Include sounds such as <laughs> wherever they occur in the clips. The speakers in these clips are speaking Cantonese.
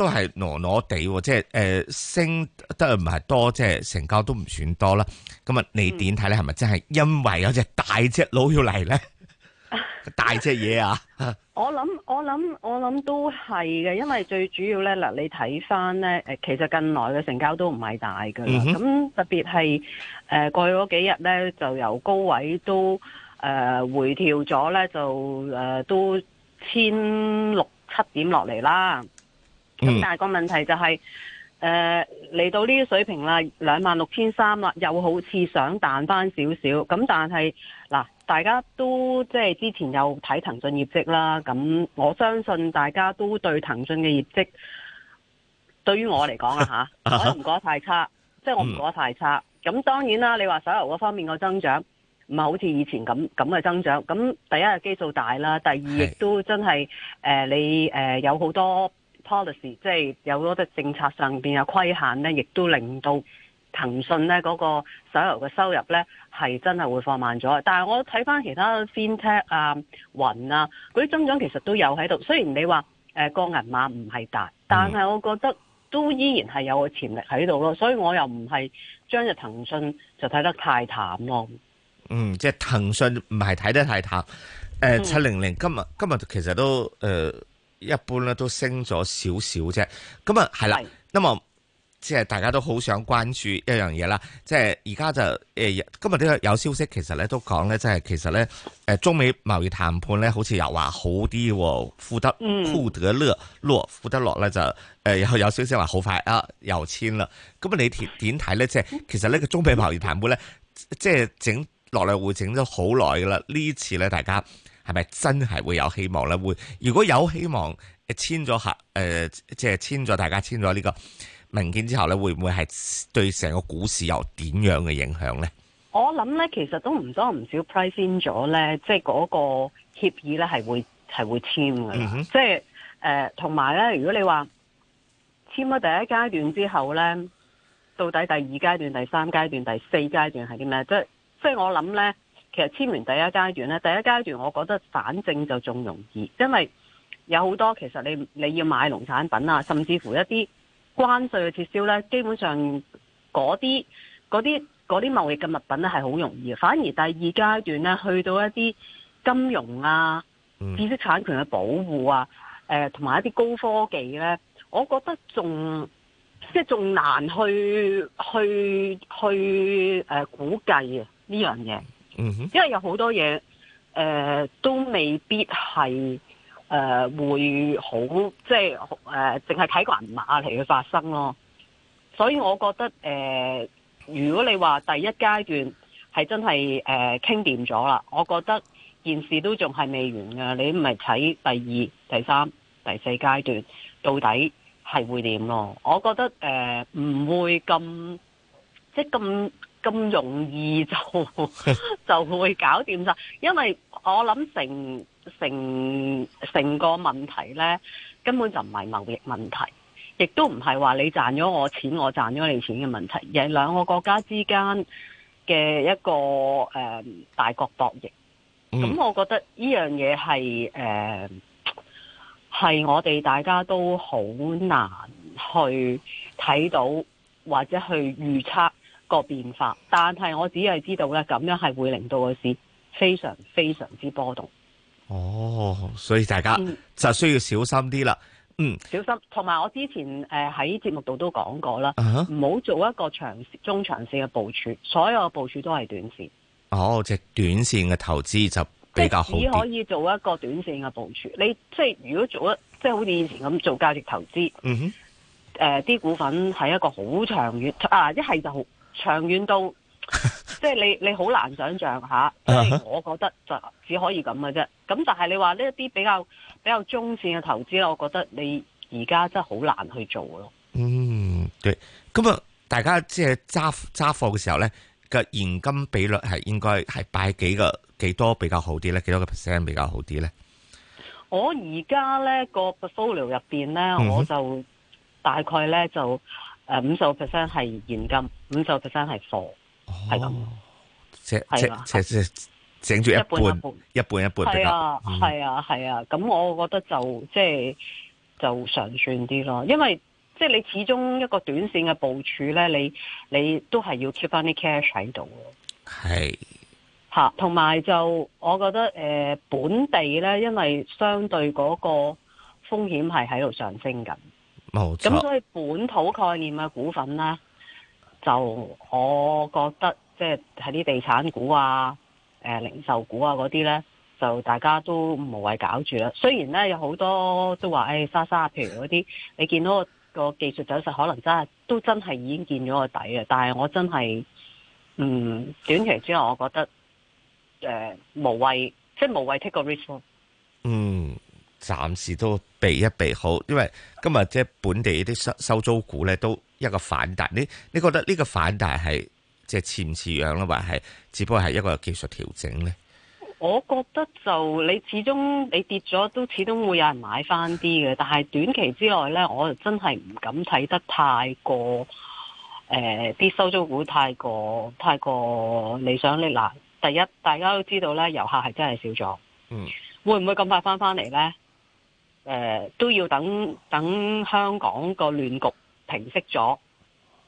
都係挪挪哋，即係誒升得唔係多，即係成交都唔算多啦。咁啊，你點睇咧？係咪真係因為有隻大隻佬要嚟咧？大隻嘢啊！啊我諗我諗我諗都係嘅，因為最主要咧嗱，你睇翻咧誒，其實近來嘅成交都唔係大噶啦。咁、嗯、哼特別係誒過去嗰幾日咧，就由高位都誒、呃、回調咗咧，就誒、呃、都千六七點落嚟啦。咁、嗯、但係個問題就係誒嚟到呢啲水平啦，兩萬六千三啦，又好似想彈翻少少。咁但係嗱，大家都即係之前有睇騰訊業績啦。咁我相信大家都對騰訊嘅業績，對於我嚟講啊，吓 <laughs> 我唔覺得太差，嗯、即係我唔覺得太差。咁當然啦，你話手遊嗰方面個增長唔係好似以前咁咁嘅增長。咁第一基數大啦，第二亦是都真係誒、呃，你誒、呃、有好多。policy 即係有嗰啲政策上邊嘅規限咧，亦都令到騰訊咧嗰、嗰個手遊嘅收入咧係真係會放慢咗。但係我睇翻其他 FinTech 啊、雲啊嗰啲增長其實都有喺度。雖然你話誒個銀碼唔係大，但係我覺得都依然係有個潛力喺度咯。所以我又唔係將隻騰訊就睇得太淡咯。嗯，即係騰訊唔係睇得太淡。誒、呃，七零零今日今日其實都誒。呃一般咧都升咗少少啫，咁啊係啦，咁啊即係大家都好想關注一樣嘢啦，即係而家就誒、是呃、今日呢個有消息其呢呢、就是，其實咧都講咧，即係其實咧誒中美貿易談判咧，好似又話好啲、哦，富德、富德、落落富德落咧就誒、呃、有有消息話好快啊又簽啦，咁啊你點睇咧？即係、就是、其實呢個中美貿易談判咧，即係整落嚟會整咗好耐噶啦，次呢次咧大家。係咪真係會有希望咧？會，如果有希望簽咗合，誒、呃，即係簽咗，大家簽咗呢個文件之後咧，會唔會係對成個股市有點樣嘅影響咧？我諗咧，其實都唔多唔少 price in 咗咧，即係嗰個協議咧係會係會簽嘅，mm hmm. 即係誒，同埋咧，如果你話簽咗第一階段之後咧，到底第二階段、第三階段、第四階段係啲咩？即係即係我諗咧。其實簽完第一階段咧，第一階段我覺得反正就仲容易，因為有好多其實你你要買農產品啊，甚至乎一啲關稅嘅撤銷咧，基本上嗰啲嗰啲嗰啲貿易嘅物品咧係好容易嘅。反而第二階段咧，去到一啲金融啊、知識產權嘅保護啊、誒同埋一啲高科技咧，我覺得仲即係仲難去去去誒、呃、估計啊呢樣嘢。因為有好多嘢，誒、呃，都未必係誒、呃、會好，即係誒淨係睇個人馬嚟去發生咯。所以我覺得誒、呃，如果你話第一階段係真係誒傾掂咗啦，我覺得件事都仲係未完噶。你唔係睇第二、第三、第四階段到底係會點咯？我覺得誒唔、呃、會咁即係咁，咁容易就就會搞掂曬，因為我諗成成成個問題咧，根本就唔係貿易問題，亦都唔係話你賺咗我錢，我賺咗你錢嘅問題，而係兩個國家之間嘅一個誒、呃、大國博弈。咁、嗯、我覺得呢樣嘢係誒係我哋大家都好難去睇到或者去預測。個變化，但係我只係知道咧，咁樣係會令到個市非常非常之波動。哦，所以大家就需要小心啲啦。嗯，嗯，小心。同埋我之前誒喺節目度都講過啦，唔好、啊、哈做一個長中長線嘅部署，所有嘅部署都係短線。哦，即係短線嘅投資就比較好啲。只可以做一個短線嘅部署。你即係如果做一即係好似以前咁做價值投資，嗯哼，誒啲、呃、股份係一個好長遠啊，一係就好。長遠到，即係你你好難想象下，即係 <laughs> 我覺得就只可以咁嘅啫。咁但係你話呢一啲比較比較中線嘅投資咧，我覺得你而家真係好難去做咯。嗯，對。咁啊，大家即係揸揸貨嘅時候咧，嘅現金比率係應該係擺幾個幾多比較好啲咧？幾多個 percent 比較好啲咧？我而家咧個 portfolio 入邊咧，面呢嗯、哼我就大概咧就。誒五十 percent 係現金，五十 percent 係貨，係咁、哦，係即係即係即係整住一半，一半一半咁樣，係啊係啊係啊，咁、啊嗯啊啊、我覺得就即係就尚算啲咯，因為即係、就係、你始終一個短線嘅部署咧，你你都係要 keep 翻啲 cash 喺度嘅，係吓是，同埋就我覺得誒、呃、本地咧，因為相對嗰個風險係喺度上升緊。冇錯，咁所以本土概念嘅股份呢，就我覺得即係喺啲地產股啊、誒、呃、零售股啊嗰啲呢，就大家都無謂搞住啦。雖然呢，有好多都話誒、哎、莎莎，譬如嗰啲你見到個技術走勢，可能真係都真係已經見咗個底嘅，但係我真係嗯短期之後，我覺得誒、呃、無謂，即係無謂 take 個 risk 嗯。暫時都避一避好，因為今日即係本地啲收收租股咧，都一個反彈。你你覺得呢個反彈係即係似唔似樣咧，還係只不過係一個技術調整咧？我覺得就你始終你跌咗都始終會有人買翻啲嘅，但係短期之內咧，我就真係唔敢睇得太過誒啲、呃、收租股太過太過理想。力嗱，第一大家都知道咧，遊客係真係少咗，嗯，會唔會咁快翻翻嚟咧？誒、呃，都要等等香港個亂局平息咗，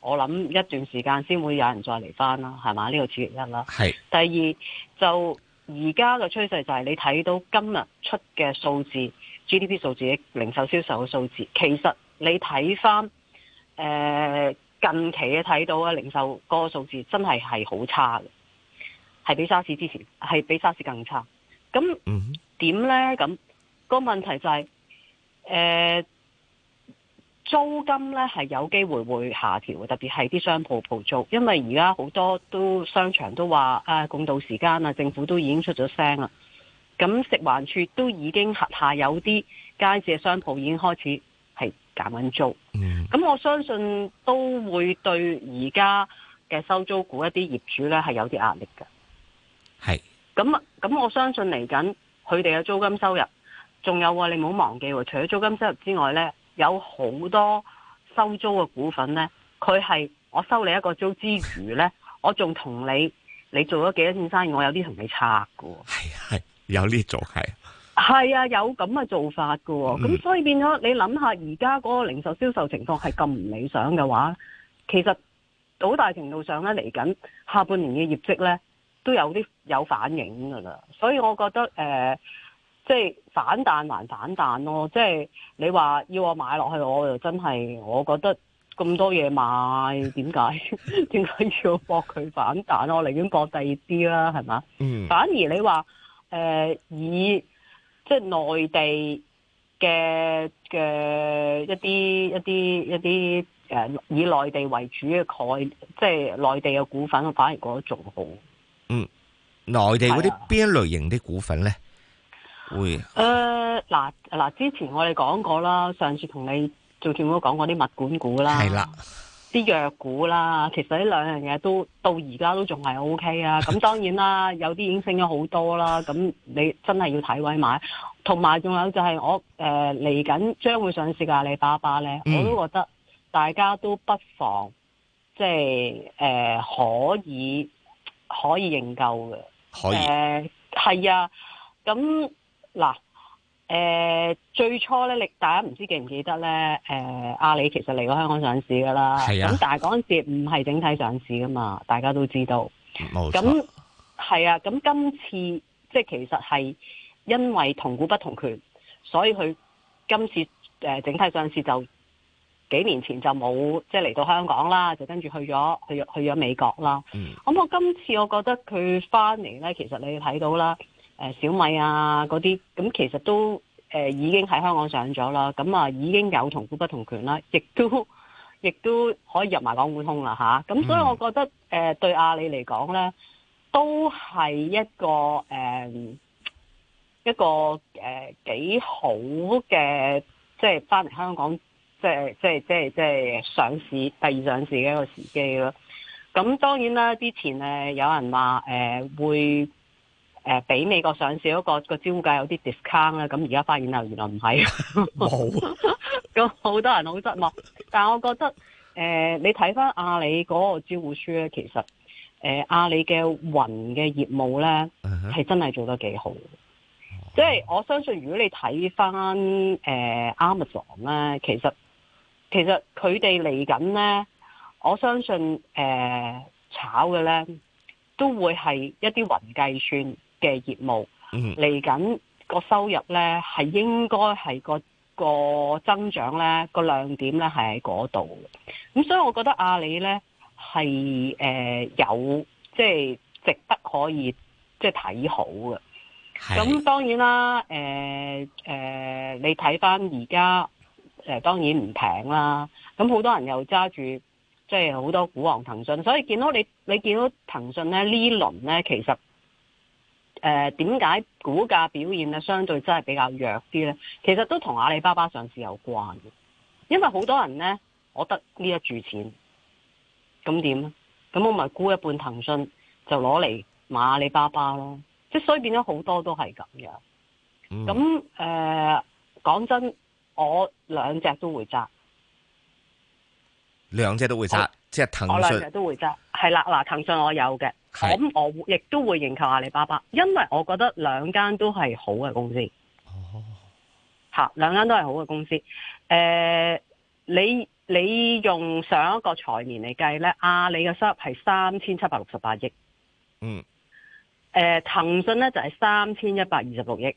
我諗一段時間先會有人再嚟翻啦，係嘛？呢個刺激一啦。係是第二就而家個趨勢就係你睇到今日出嘅數字 GDP 數字、零售銷售嘅數字，其實你睇翻誒近期嘅睇到啊，零售個數字真係係好差嘅，係比沙士之前係比沙士更差。咁點、嗯、哼呢？咁、那個問題就係、是。誒，uh, 租金咧係有機會會下調嘅，特別係啲商鋪鋪租，因為而家好多都商場都話啊、哎，共度時間啊，政府都已經出咗聲啦。咁食環署都已經轄下有啲街市嘅商鋪已經開始係減緊租，咁、mm hmm. 我相信都會對而家嘅收租股一啲業主咧係有啲壓力嘅。係、mm，咁、hmm. 咁我相信嚟緊佢哋嘅租金收入。仲有喎，你唔好忘記喎。除咗租金收入之外呢，有好多收租嘅股份呢。佢係我收你一個租之餘呢， <laughs> 我仲同你你做咗幾多件生意，我有啲同你拆㗎喎。係係有呢啲做係係啊，有咁嘅做法嘅喎。咁、嗯、所以變咗你諗下，而家嗰個零售銷售情況係咁唔理想嘅話，其實好大程度上呢，嚟緊下，下半年嘅業績呢，都有啲有反應㗎喇。所以我覺得誒。呃即係反彈還反彈咯！即係你話要我買落去，我又真係我覺得咁多嘢買，點解點解要搏佢反彈？我寧願搏第二啲啦，係嘛？嗯。反而你話誒、呃、以即係內地嘅嘅一啲一啲一啲誒、呃、以內地為主嘅概，即係內地嘅股份，我反而覺得仲好。嗯，內地嗰啲邊一類型嘅股份咧？會誒，嗱嗱，呃，之前我哋講過啦，上次同你做節目都講過、講過啲物管股啦，係啦的，啲藥股啦，其實呢兩樣嘢，都到而家都仲係 O K 啊。咁 <laughs> 當然啦，有啲已經升咗好多啦。咁你真係要睇位買，同埋仲有就係我誒嚟緊將會上市嘅阿里巴巴咧，嗯，我都覺得大家都不妨即係誒、呃、可以可以認購嘅，可以誒係、呃、啊，咁。嗱，誒、呃，最初咧，你大家唔知記唔記得咧？誒、呃，阿里其實嚟過香港上市噶啦，咁但係嗰陣時唔係整體上市噶嘛，大家都知道。冇錯。咁係啊，咁今次即係其實係因為同股不同權，所以佢今次誒、呃、整體上市就幾年前就冇即係嚟到香港啦，就跟住去咗去去咗美國啦。咁、嗯、我今次我覺得佢翻嚟咧，其實你睇到啦。誒小米啊嗰啲，咁其實都、呃、已經喺香港上咗啦，咁啊已經有同股不同權啦，亦都亦都可以入埋港股通啦吓，咁、啊、所以我覺得誒、呃、對阿里嚟講咧，都係一個、呃、一個誒幾、呃、好嘅，即係翻嚟香港，即係即係即係即係上市第二上市嘅一個時機咯。咁當然啦，之前咧有人話誒、呃、會。誒，俾、呃、美國上市嗰個個招界有啲 discount 啦，咁而家發現啊，原來唔係，冇，咁好多人好失望。但我覺得誒、呃，你睇翻阿里嗰個招股書咧，其實誒、呃，阿里嘅雲嘅業務咧係、uh huh. 真係做得幾好，即係、uh huh. 我相信如果你睇翻誒 Amazon 咧，其實其實佢哋嚟緊咧，我相信誒、呃、炒嘅咧都會係一啲雲計算嘅業務嚟緊個收入咧，係應該係個個增長咧個亮點咧，係喺嗰度嘅。咁所以，我覺得阿里咧係誒有即係值得可以即係睇好嘅。咁的當然啦，誒、呃、誒、呃，你睇翻而家誒當然唔平啦。咁好多人又揸住即係好多股王騰訊，所以見到你你見到騰訊咧呢輪咧其實。誒，點解、呃、股價表現咧相對真係比較弱啲咧？其實都同阿里巴巴上市有關嘅，因為好多人咧，我得呢一注錢，咁點咧？咁我咪沽一半騰訊，就攞嚟買阿里巴巴咯。即係所以變咗好多都係咁樣。咁誒、嗯嗯，講、呃、真，我兩隻都會揸，兩隻都會揸，好即係騰訊，我兩隻都會揸，係啦，嗱，騰訊我有嘅。咁是我亦都會認購阿里巴巴，因為我覺得兩間都係好嘅公司。哦，吓，兩間都係好嘅公司。誒、呃，你你用上一個財年嚟計咧，阿里嘅收入係三千七百六十八億。嗯、mm. 呃。誒，騰訊咧就係三千一百二十六億，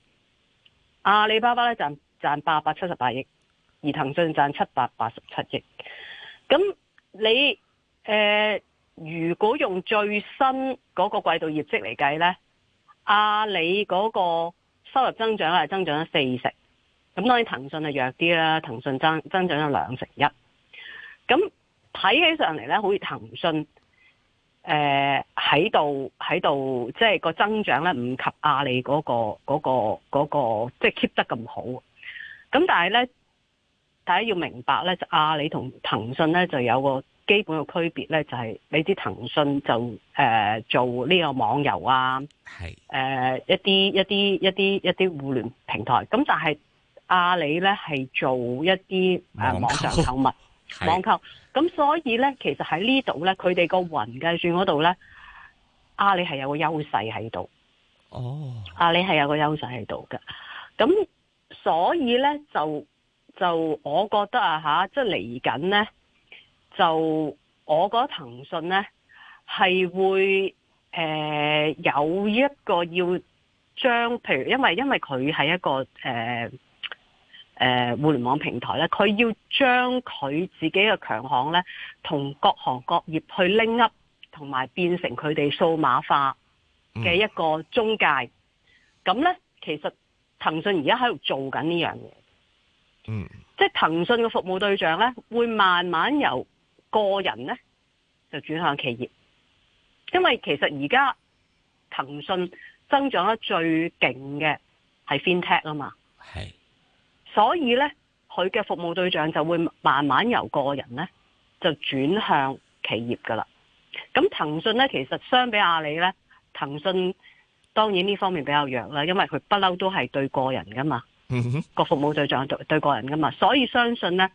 阿里巴巴咧賺賺八百七十八億，而騰訊賺七百八十七億。咁你誒？呃如果用最新嗰個季度業績嚟計咧，阿里嗰個收入增長係增長咗四成，咁當然騰訊係弱啲啦，騰訊增增長咗兩成一。咁睇起上嚟咧，好似騰訊誒喺度喺度，即係個增長咧唔及阿里嗰個嗰個嗰個即係 keep 得咁好。咁但係咧，大家要明白咧，就阿里同騰訊咧就有個。基本嘅區別咧、就是，就係你啲騰訊就誒、呃、做呢個網遊啊，係是、呃、一啲一啲一啲一啲互聯平台，咁但係阿里咧係做一啲、啊、網上購物，網購扣，咁是所以咧其實喺呢度咧，佢哋個雲計算嗰度咧，阿里係有個優勢喺度，哦，阿里係有個優勢喺度㗎，咁所以咧就就我覺得啊嚇，即係嚟緊咧。就我覺得騰訊呢係會誒、呃、有一個要將，譬如因為因為佢係一個誒、呃呃、互聯網平台咧，佢要將佢自己嘅強項呢同各行各業去拎 up，同埋變成佢哋數碼化嘅一個中介。咁、嗯、呢，其實騰訊而家喺度做緊呢樣嘢，嗯，即係騰訊嘅服務對象呢會慢慢由個人咧，就轉向企業，因為其實而家騰訊增長得最勁嘅係 FinTech 啊嘛，係是，所以咧佢嘅服務對象就會慢慢由個人咧就轉向企業噶啦。咁騰訊咧其實相比阿里咧，騰訊當然呢方面比較弱啦，因為佢不嬲都係對個人噶嘛，個、嗯、哼服務對象對對個人噶嘛，所以相信咧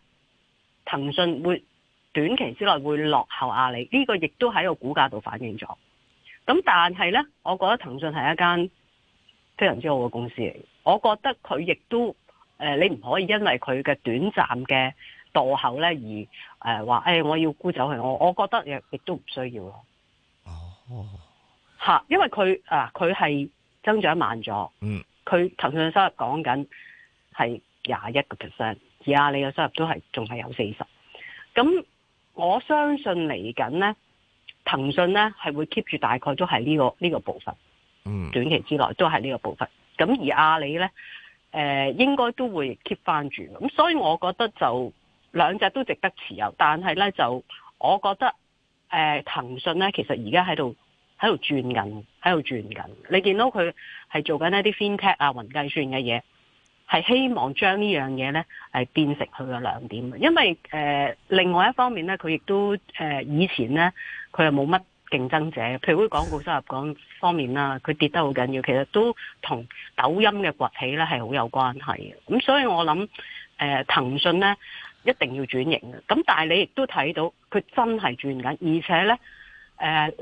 騰訊會。短期之內會落後阿里，呢、這個亦都喺個股價度反映咗。咁但係呢，我覺得騰訊係一間非常之好嘅公司嚟。我覺得佢亦都誒、呃，你唔可以因為佢嘅短暫嘅墮後呢而誒話誒，我要沽走佢。我我覺得亦都唔需要咯。吓，因為佢啊，佢、呃、係增長慢咗、嗯。嗯，佢騰訊嘅收入講緊係廿一個 percent，而阿里嘅收入都係仲係有四十。咁我相信嚟緊呢，騰訊呢係會 keep 住大概都係呢、呢個呢、呢個部分，短期之內都係呢個部分。咁而阿里呢，誒、呃、應該都會 keep 翻住。咁所以我覺得就兩隻都值得持有，但係呢，就我覺得誒、呃、騰訊呢其實而家喺度喺度轉緊，喺度轉緊。你見到佢係做緊一啲 fintech 啊、雲計算嘅嘢。係希望將呢樣嘢呢變成佢嘅亮點，因為誒，另外一方面呢，佢亦都誒以前呢，佢係冇乜競爭者，譬如啲廣告收入嗰方面啦，佢跌得好緊要，其實都同抖音嘅崛起呢係好有關係嘅。咁所以我諗誒，騰訊呢一定要轉型嘅。咁但係你亦都睇到佢真係轉緊，而且呢，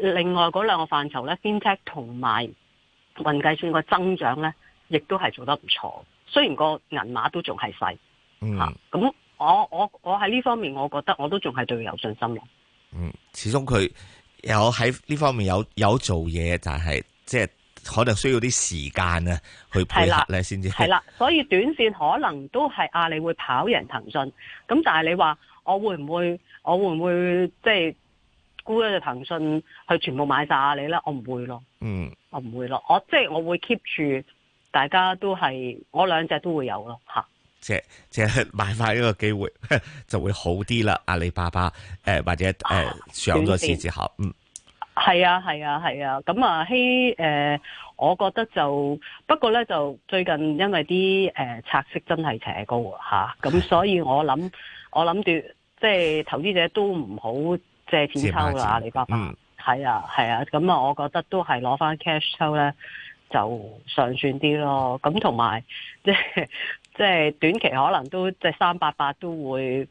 誒另外嗰兩個範疇呢 FinTech 同埋雲計算個增長呢，亦都係做得唔錯。雖然個銀碼都仲係細，吓咁、嗯啊、我我我喺呢方面，我覺得我都仲係對佢有信心嘅。嗯，始終佢有喺呢方面有有做嘢，但係即係可能需要啲時間啊，去配合咧先至。係啦才，所以短線可能都係阿里會跑贏騰訊，咁但係你話我會唔會我會唔會即係、就是、沽咗隻騰訊去全部買晒阿里咧？我唔會咯。嗯，我唔會咯。我即係、就是、我會 keep 住。大家都係我兩隻都會有咯吓，即係即係買翻呢個機會就會好啲啦。阿里巴巴誒、呃、或者誒、呃啊、上咗市之後，嗯，係啊係啊係啊。咁啊希誒、啊啊 hey, 呃，我覺得就不過咧就最近因為啲誒、呃、拆息真係邪高吓，咁、啊、所以我諗 <laughs> 我諗住即係投資者都唔好借錢抽啦，阿里巴巴係啊係啊。咁啊，我覺得都係攞翻 cash 抽咧。就尚算啲咯，咁同埋即係即係短期可能都即係三八八都會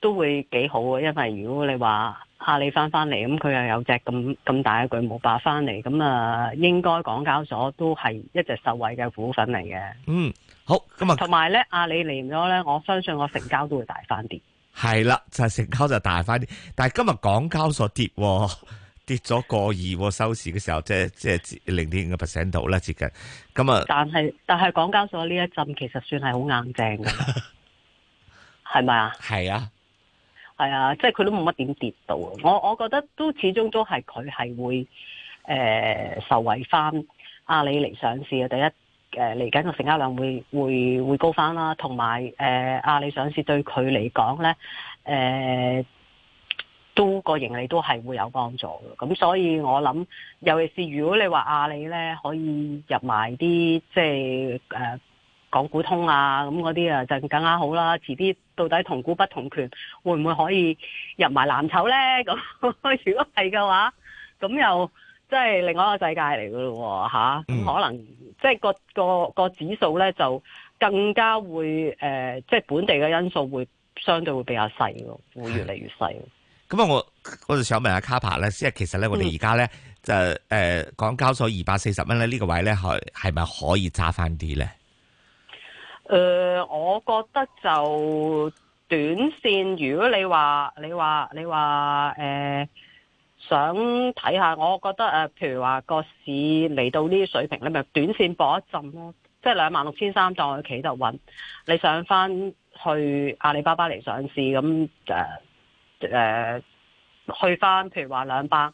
都會幾好啊，因為如果你話阿里翻翻嚟，咁佢又有隻咁咁大嘅巨無霸翻嚟，咁啊應該港交所都係一隻受惠嘅股份嚟嘅。嗯，好，今日同埋咧阿里嚟咗咧，我相信我成交都會大翻啲。係啦， <laughs> 就係、是、成交就大翻啲，但係今日港交所跌喎。跌咗個二收市嘅時候，即係即係零點五個 percent 到啦，接近咁啊。但係但係港交所呢一陣其實算係好硬淨嘅，係咪 <laughs> 啊？係啊，係啊，即係佢都冇乜點跌到。我我覺得都始終都係佢係會誒、呃、受惠翻阿里嚟上市嘅第一，誒，嚟緊個成交量會會會高翻啦，同埋誒阿里上市對佢嚟講咧誒。呃都個盈利都係會有幫助嘅，咁所以我諗，尤其是如果你話阿里咧可以入埋啲，即係誒港股通啊，咁嗰啲啊就更加好啦。遲啲到底同股不同權會唔會可以入埋藍籌咧？咁 <laughs> 如果係嘅話，咁又即係另外一個世界嚟嘅咯喎，吓、啊，嗯、可能即係個個個指數咧就更加會誒、呃，即係本地嘅因素會相對會比較細咯，會越嚟越細。咁啊，我我就想問一下卡柏咧，即係其實咧，我哋而家咧就誒港交所二百四十蚊咧呢個位咧係係咪可以揸翻啲咧？誒、呃，我覺得就短線，如果你話你話你話誒、呃、想睇下，我覺得誒，譬如話個市嚟到呢啲水平咧，咪短線搏一陣咯，即係兩萬六千三去企度穩。你上翻去阿里巴巴嚟上市咁誒？誒、呃，去翻，譬如話兩百、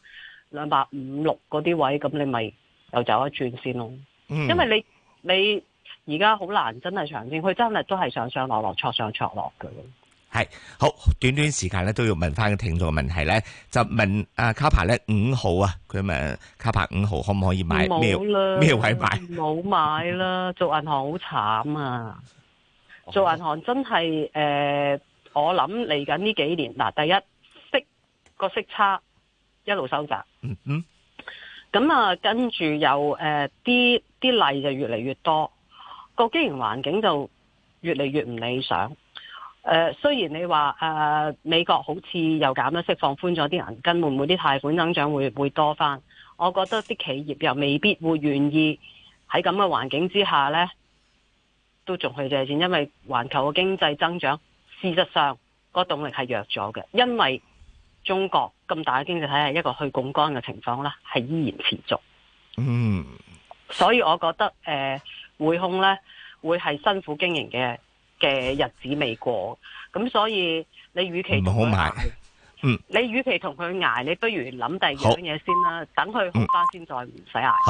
兩百五六嗰啲位，咁你咪又走一轉先咯。嗯、因為你你而家好難真的長，真係長線，佢真係都係上上落落，挫上挫落嘅。係，好短短時間咧，都要問翻個聽眾個問題咧，就問啊卡牌咧五號啊，佢咪？卡牌五號可唔可以買？冇啦了，咩位買？冇買啦，做銀行好慘啊！做銀行真係誒。呃我諗嚟緊呢幾年，嗱，第一息個息差一路收窄，嗯嗯，咁、嗯、啊，跟住又誒啲啲例就越嚟越多，個經營環境就越嚟越唔理想。誒、呃，雖然你話誒、呃、美國好似又減咗息，放寬咗啲銀根，會唔會啲貸款增長會會多翻？我覺得啲企業又未必會願意喺咁嘅環境之下咧，都仲去借錢，因為環球嘅經濟增長。事實上，個動力係弱咗嘅，因為中國咁大嘅經濟體係一個去槓杆嘅情況呢係依然持續。嗯，所以我覺得誒，呃、匯控呢會係辛苦經營嘅嘅日子未過，咁所以你與其唔好買，你與其同佢捱，嗯、你不如諗第二樣嘢先啦，好等佢、嗯、好翻先，再唔使捱。